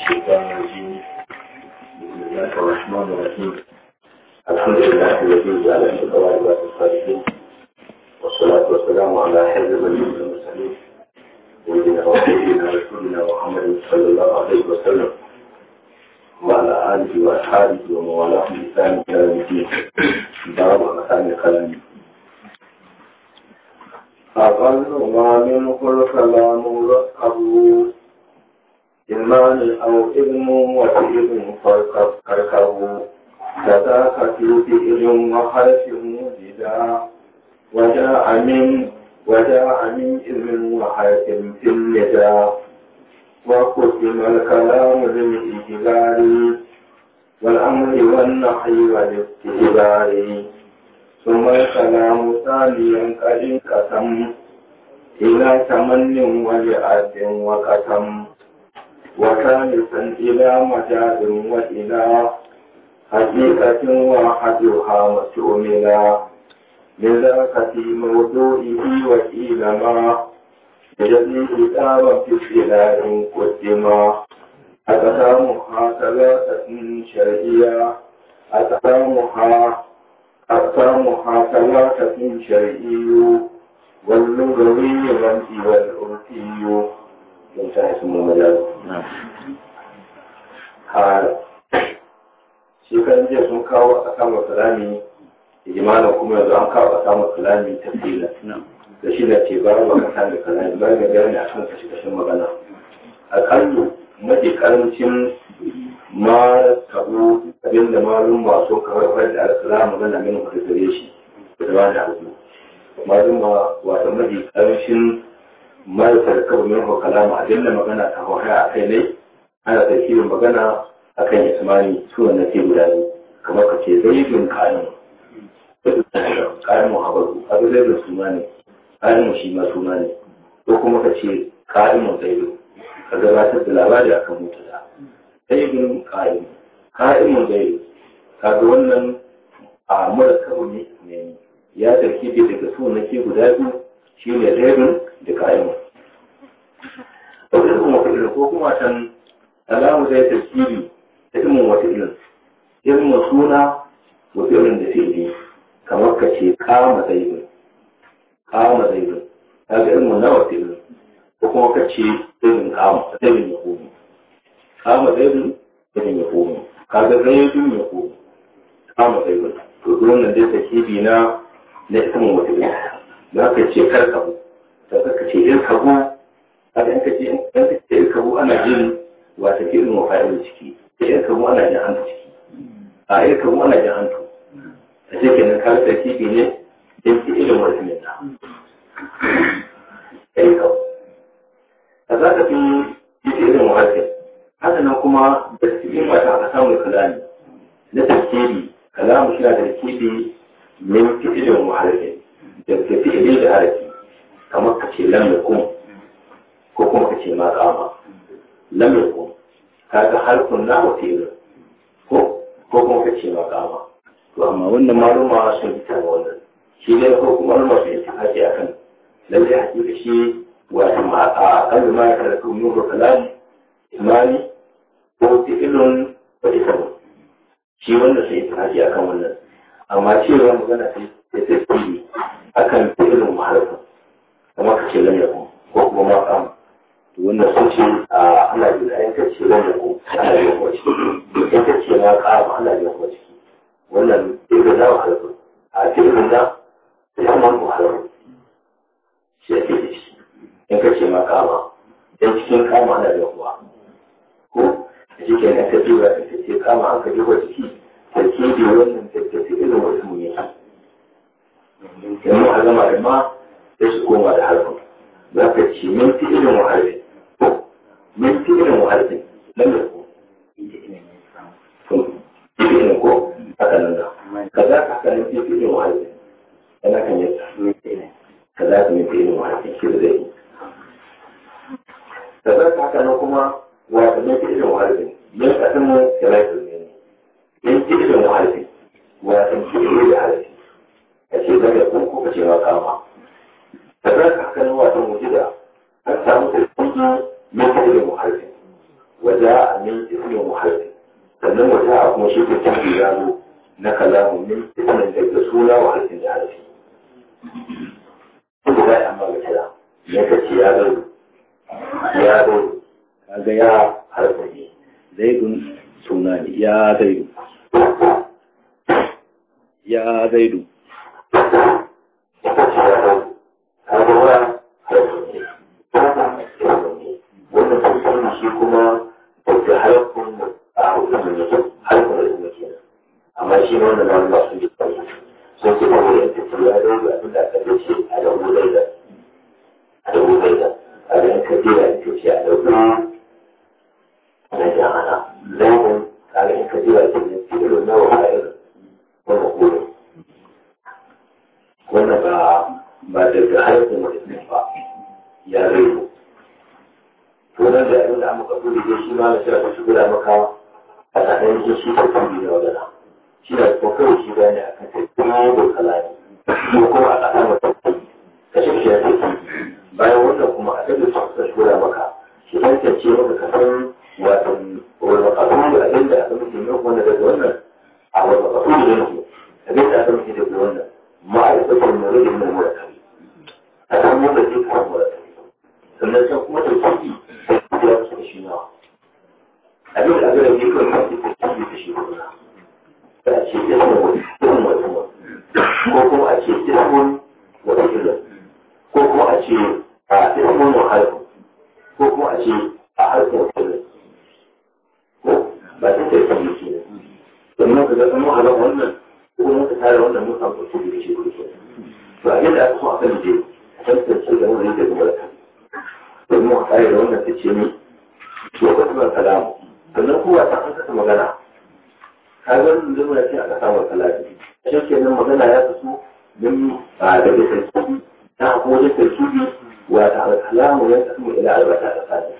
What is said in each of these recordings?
الشيطان الرجيم بسم الله الرحمن الرحيم الحمد لله الذي جعل في الضوابط الصالحين والصلاة والسلام على حزب المرسلين سيدنا وسيدنا رسولنا محمد صلى الله عليه وسلم وعلى آله وأصحابه وموالاه بإحسان إلى يوم الدين باب مكان كلامه أقل ما منه الكلام رزقه imani au ilmu wata irin karkaru da za ka fi irin maharshen mujida waje amin waje amin irin maharshen wa ku malkala mu zai yi gigari wal'amuri wannan haiwa da ke gigari su malkala mu sami yankarin kasan ila tamannin waje a cikin wakatan وثالثا إلى مجال وإلى حقيقة وحدها مستعملا لذلك في موضوعه وإلى ما الذي كتاب في خلال قدما أقسامها ثلاثة شرعية أقسامها أقسامها ثلاثة شرعية واللغوي والأرثي. انتهى اسم المجال. shekaran jiya sun kawo a samun kalami imanin kuma yanzu an kawo a samun kalami ta fila da shi da ce ba ba ka da kalami ba ga gani a kan kashi kashin magana a kallo mafi karancin ma tabo abin da malum masu karfar da alkala magana min kwarfare shi da zama da abu malum ma wata mafi karancin ma ya mai min ko kalama adilla magana ta hohaya a kai ne ana da kiwon magana a kan ismani su na ke guda ne kamar ka ce zai zaidun kanin kanin muhabaru abu zaidun suna ne kanin shi ma suna ne ko kuma ka ce zai zaidu ka gabatar da labari akan mutada zaidun kanin zai zaidu kaga wannan a mura karo ne ya tarkibi daga suna na ke guda biyu shi ne bin da kayan sau da kuma kudin ko kuma can alamu zai tafsiri ta imin wata irin irin suna wata irin da fi'ili kamar ka ce kama zaibin kama zaibin ta ga irin na wata irin ko kuma ka ce irin kama zaibin ya komi kama zaibin zaibin ya komi ka ga zaibin ya komi kama zaibin to dole ne da tafsiri na na irin wata irin za ka ce karkabu saboda ka ce irkabu a da ka ce ka ce irkabu ana jin wata ke irin mafa'il ciki ka irkabu ana jin hantu ciki a irkabu ana jin hantu a ce kenan ka rasa kifi ne don ki irin wata ne na irkabu a za ka fi irin mafa'il haka nan kuma da cikin mata a samun kalami na tafkiri kalamu shi na tafkiri min kifi da muharfi da tafi da harafi kamar ka ce lam yakun ko kuma ka ce ma kama lam yakun kaga harkun na wa fi'il ko kuma ka ce ma kama to amma wannan maluma sun fita wannan shi ne ko kuma maluma sun fita haji akan lalle hakika shi wata ma a kalli ma kada ku mu ko kalam imani ko fi'ilun ko ismu shi wannan sai fita haji akan wannan amma cewa magana sai sai akan fi'ilun harfin kuma ka ce ko kuma ma kam to wannan su ce a ana yi in ka ce lan ko ana yi ko ciki in ce na ana yi ko wannan irin na halu a irin na zaman mu halafu shi ake da shi in ka ce ma kama dan cikin kama ana yi kuwa ko a cikin ka ce ba ka ce kama an ka jira ta ke da wannan tattace irin wasu ne. Yanzu a zama da ma sai su koma da harfin za ka ci min fi ilin muharfin min fi ilin muharfin nan da ku fi ko haka nan da ka za ka haka fi ilin muharfin yana kan yadda ka za ka min fi ilin muharfin shi zai yi ka za ka haka nan kuma wa ka min fi ilin muharfin min kasin mu kalaifin ne min fi ilin muharfin wa ka fi ilin muharfin ka ce daga kun ko ka ce maka shi ke tafi yaro na kalamun ne tsibirin da ke sura wa harfin da harfi. Kuma da amma ga kira, ya ka ce yaro, yaro, ka ga ya harfi ne, zai gun suna ne, ya zai du. Ya zai zaidu. Ya zaidu. Ya zaidu. wanda na wanda su yi kai sun ce mamu ya ce ya dai ga abin da aka dace a da wudai da a da wudai da a da aka jira ya ce shi a da wudai na jama'a lamun a da aka jira ya ce ne filo na wahayar wani kuro wannan ba ba daga haifin wani ba ya rai wannan da abin da muka kuri da shi ma na guda maka a tsanin shi shi ta kuri da wadana shi da ko kawai shi ba ne akan sai kuma ya yi kalani ko kuma a ƙasar da kashe shi ya tafi bayan wannan kuma a ɗaga su suka shura maka shi tantance maka ka san wato wani makasuru da abin da aka mutu ne wanda daga wannan a wani makasuru da yake abin da aka mutu daga wannan ma'aikatar mura da mura kare a san mura da kuma mura da kare sannan can kuma da kuɗi da kuɗi ya kusa da shi nawa abin da aka da ke kawai kan kuɗi da shi kuma a ce ismun irin wa ko kuma a ce ko kuma a ce da aka samu talatin shi ke nan magana ya min a don daga tarsubi ta kuma wajen tarsubi wa ta alkalamu ya tasu ila albata ta sani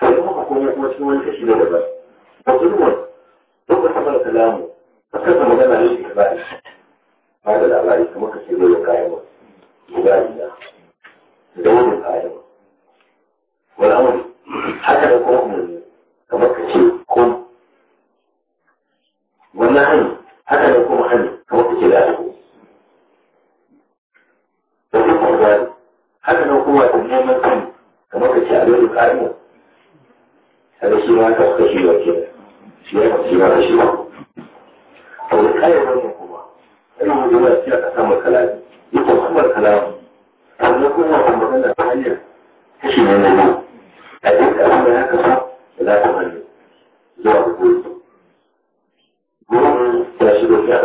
sai kuma kuma kuma cikin wani kashi na daban wasu ruwan duk ka samu alkalamu a kasa magana ne ka ba shi ba da labari kamar ka ce zai kayan wasu guda biya da wani kayan wani amuri haka da kuma kamar ka ce kuma wannan hanyar haka ne kuma hani kamar kuke da ake da duk kwanwari haka nan kuma da neman kan kamar ka ce a lori karimu a da shi ma ka suka shi wake shi ya kasu ma shi ba A wani kayan wannan kuma yana mu zuwa shi a makala makalami yake kuma makalami sannan kuma ta magana ta hanyar kashi ne na yau a duk abin da ya kasa da za ta hanyar ya shi shi a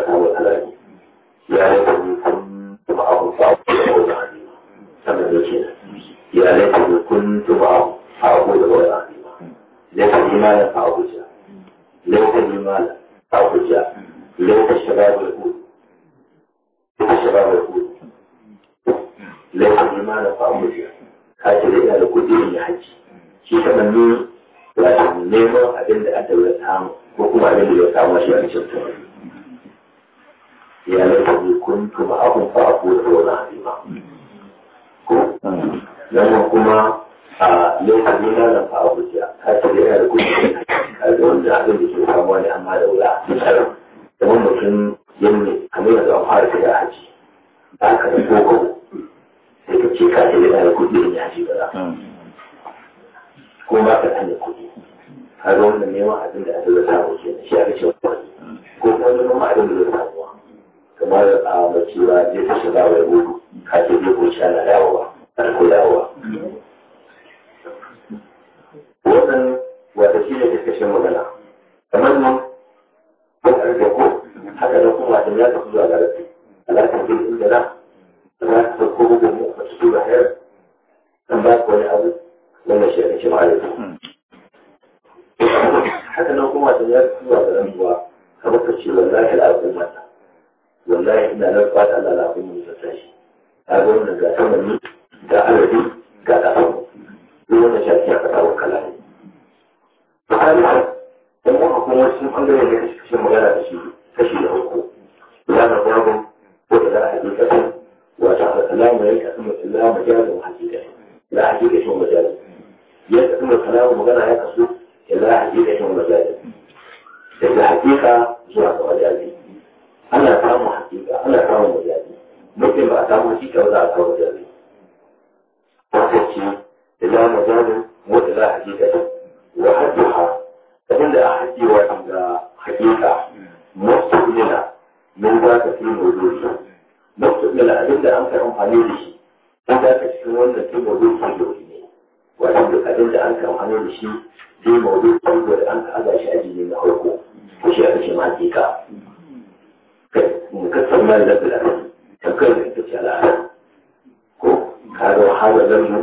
ya yi kuma kun tuma abu sa'o da wani hannu sannan da ya yi kuma kun tuma abu da wani hannu laifin imanin a abuja laifin imanin a abuja laifin shababar hudu laifin shababar ka shiga imanin a abuja ka ce da ina da kudi ya haji shi kamar ni neman abin da aka yi samu ko kuma abin da ya samu shi a cikin ya laifin kuntu ma abun fa abu da wani halima ko kuma a laifin na nan fa abu ya ka ce yana da kuntu a da wanda abin da ke samuwa ne amma da wula a da wani mutum yin ne kamar yanzu an fara tafiya haji ba ka da gogo sai ka ce ka ce yana da kuɗi da haji ba Ko ba ka da kuɗi har wanda neman abin da aka zata wuce shi aka ce wani ko kuma neman abin da zai samuwa kamar a macewa ya fi shiga wai gudu kafin ya kuci ana dawowa ana ko dawowa wannan wata shi ne kashe magana kamar nan ko a ko haka nan kuma da ya tafi zuwa ɓangare ne cikin magana da shi kashi da uku ya na babu wata za a hakikata wata al'alamu ya yi kasu Allah majalin hakikata la hakikatin majalin ya kasu kalamu magana ya kasu ila hakikatin majalin daga hakika zuwa ga majalin ana samun hakika ana samun majalin mutum ba a samu hakika ba za a samu majalin kasance ila majalin wata la hakikatin wa hadduha da aka ce wa ga hakika mustaqbila mun za ka fi mawdu'i mustaqbila abinda an kai amfani da shi an za ka cikin wannan fi mawdu'i mawdu'i ne wato duk abinda an kai amfani da shi fi mawdu'i mawdu'i an ka aza shi a jini na farko ko shi aka ce hakika ka san ma da bila ta kai da ita ce al'ada ko ka ga wahala zan mu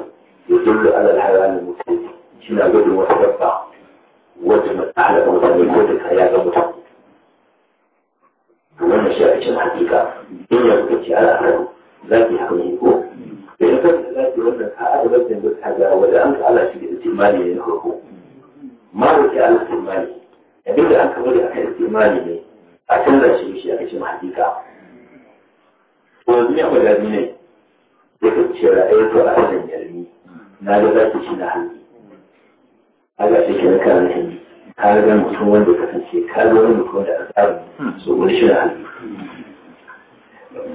yadullu ala al-hayawan al-mutawwi shi na gudun wata dabba wajen matsala ga mutane ko da kariya ga mutane to wannan shi a cikin hakika dole ku ci al'adu za ki haka ne ko da ya kanta za ki wannan ka aka bar tambar ta ga wajen an ka ala shi da istimali ne na farko ma da ke ala istimali abin da an ka da aka istimali ne a canza shi shi a cikin hakika to yanzu ne a madadi ne ya kace ra'ayi to a sanin yarmi na ga za ki shi na hannu Allah shi ke raka da ka ga mutum wanda ya kasance ka ga wani mutum da aka tsara hmm. so wani shi da hannu ka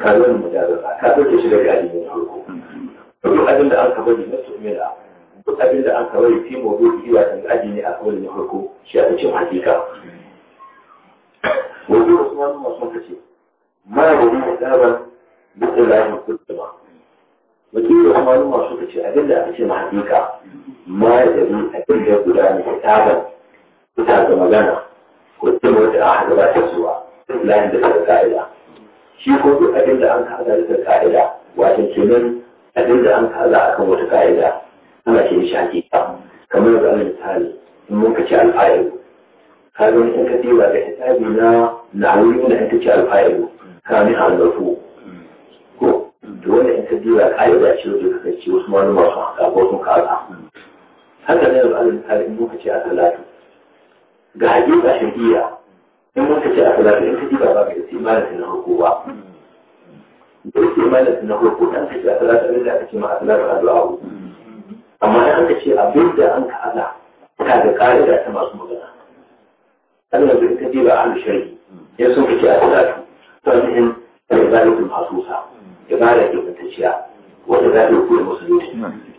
ga wani mujaza ka ɗauke shi da gadi ne farko duk abin da aka bari na tu'mina duk abin da aka bari fi mawdu'i wa kan gadi ne a kawai na farko shi aka ce hakika wani wasu wani masu kace ma da ni da ba duk da lafiya kullum wakili wasu wani masu kace abin da aka ce ma hakika madadin abin da guda ne kitaban kusa ga magana ko cin wata a haɗa ba ta zuwa layin da ta ka'ida shi ko duk abin da an kaza da ka'ida wajen kenan abin da an kaza kan wata ka'ida ana ce shi hakika kamar da an misali in mun ka ci alfa'ilu ka zo in ka diba da hisabi na na wuri na in ka ci alfa'ilu ka ni hanzafu ko da wannan in ka diba ka'ida ce wajen kasance wasu malama su haka ko sun kaza haka ne da alal in muka ce a salatu ga hakika shari'a in muka ce a salatu in kaji ba ba ka yi malatin na hukku ba da yake malatin na hukku dan kace a salatu abin da aka ce ma a salatu addu'a amma in aka ce abin da an ka aza ta da ka'ida ta masu magana Allah bai kaji ba a shari'a ya sun kace a salatu sanin da zalikin hasusa ibada ke mutacciya wanda za ta ko kuma musulunci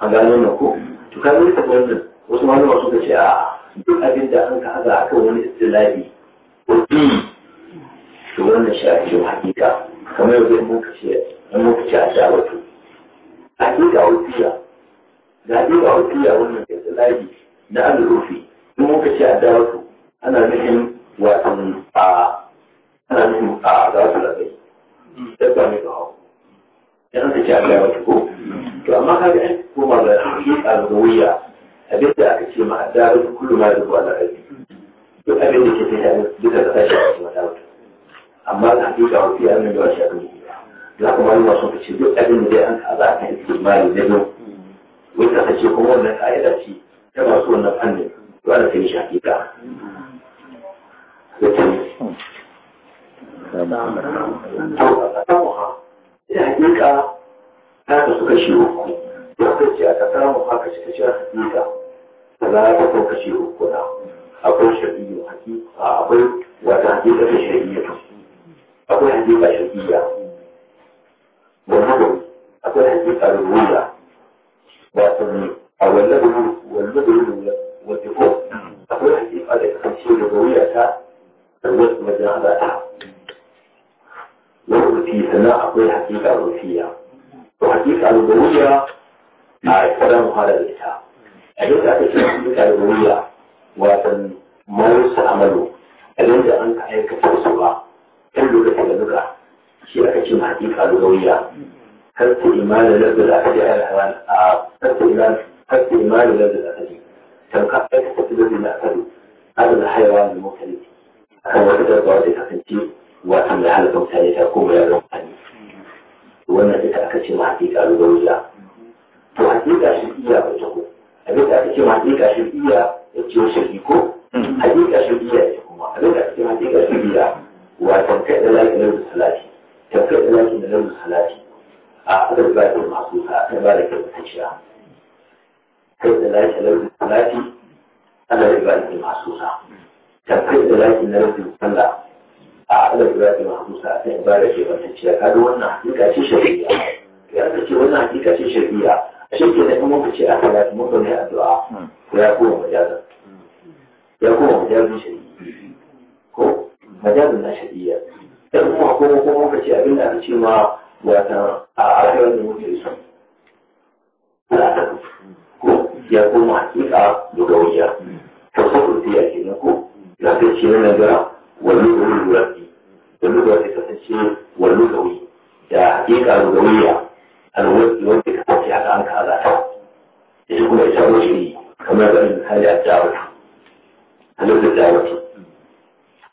a gano na ko to ka ga ta wannan wasu malama suka ce a duk abin da an ka haza kan wani istilahi to wannan shi ake yau hakika kamar yau zai muka ce a muka ce a sha wato hakika wasiya da hakika wasiya wannan istilahi na al-rufi in muka ce a wato ana nufin watan a ana nufin a za su labai dabba ne ga hau yan ka ce a dawatu ko to amma ka ga an koma da a zuwiya abin da aka ce ma a darin kullum ma da zuwa na rabi duk abin da ke sai ya duka da tashi a cikin wata wuta amma da hakika wasu ya nuna yawa shi abin da kuma yi masu fice duk abin da dai an kaza a kan istimali na yau wai kasance kuma wannan ka'ida ce ta masu wannan fannin to ana sai shi hakika da hakika ta kasu kashi uku wanda ce aka samu haka shi ta ce hakika da za ta kasu kashi uku na akwai shari'u hakika akwai wata hakika ta shari'a akwai hakika shari'a wannan akwai hakika Ba wato ne a wannan rubuta wanda ko akwai hakika da kasance da rubuta ta da wasu majalata wani rufi sannan akwai hakika rufiya تحديث الألوهية الكلام هذا الإسلام أجل أتكلم تحديث الألوهية وأن موس عمله أجل أن أيك فرصها كل لك لك شيء أكتم حديث الألوهية هل إيمان لذل الأحد الحيوان هل إيمان هل إيمان لذل الأحد كم كأيك تبذل الأحد هذا الحيوان المختلف أنا وكذا قاعد أكتم وأن لحالة مختلفة كوما يا روحاني wannan da aka ce ma hakika ruwaiya to hakika shi iya ba ta ko abin da aka ce ma hakika shi iya ya ce shirki ko hmm. hakika shirkiya ya kuma abin da aka ce ma hakika shi iya wa ta kai da lafiya da salati da ke wannan matacciya ka ga wannan hakika ce shari'a ya ka ce wannan hakika ce shari'a a shekke da kuma ku ce a salatu mun bane addu'a ko ya koma majazan ya koma majazan shari'a ko majazan na shari'a dan kuma ko ko muka ce abin da aka ce ma wata a alƙawarin da muke so ko ya koma hakika da gawiya ta saboda ya ke ko na ce na ga wani wuri da lura da kasance wani gawi da hakika gawiya alwaki wanda ka kace haka an kaza ta da shi kuma ita wani kamar da in hali a jawatu halar da jawatu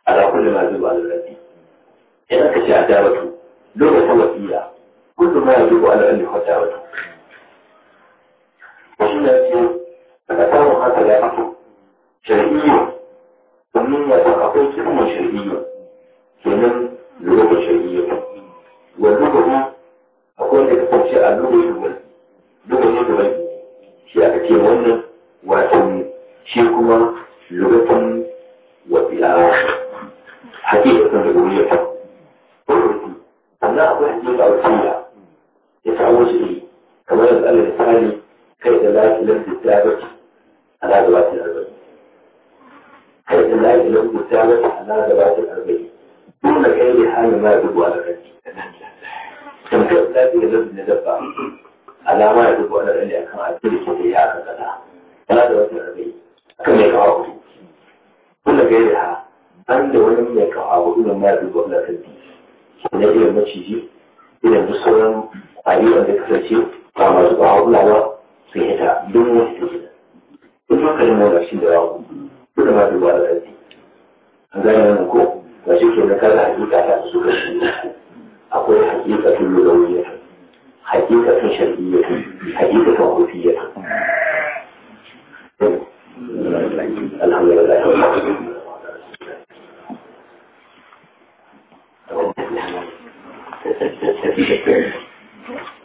ala kulli ma zuwa da rabbi in aka ce a jawatu lokacin wasiya kullu ma yajibu ala an yuhajawatu wasu da ce daga samun haka ya fito shari'iyya domin ya san akwai kirmin shari'iyya domin lura shari'a wannan kuma akwai da kasance a lura shugaban lura shugaban shi aka ce wannan wato shi kuma lugatan wasi'a hakikatan da guriyata sannan akwai hakika wasiya ya samu shi kamar yanzu alal misali kai da lafi lafi ta bace ala da arba'in kai da lafi lafi ta bace ala gabatin arba'in دون كل حال ما يدب على العلم tamkar da da na dabba alama ya dubu ana rani akan abin da ya aka kada ba da wata rabe akan mai kawo hudu kuna gaira ha an da wani mai kawo hudu da ma dubu ana rani na iya maciji idan duk sauran kwayi wanda kasance ba masu kawo hudu ba su ta don wani ta gida duk makalin da shi da yawo kuna ma dubu da rani an gane wannan ko wace ke na hakika ta su ga shi akwai hakika tun lulawiyya hakika tun shari'iyya hakika tun hufiyya alhamdulillah Thank you.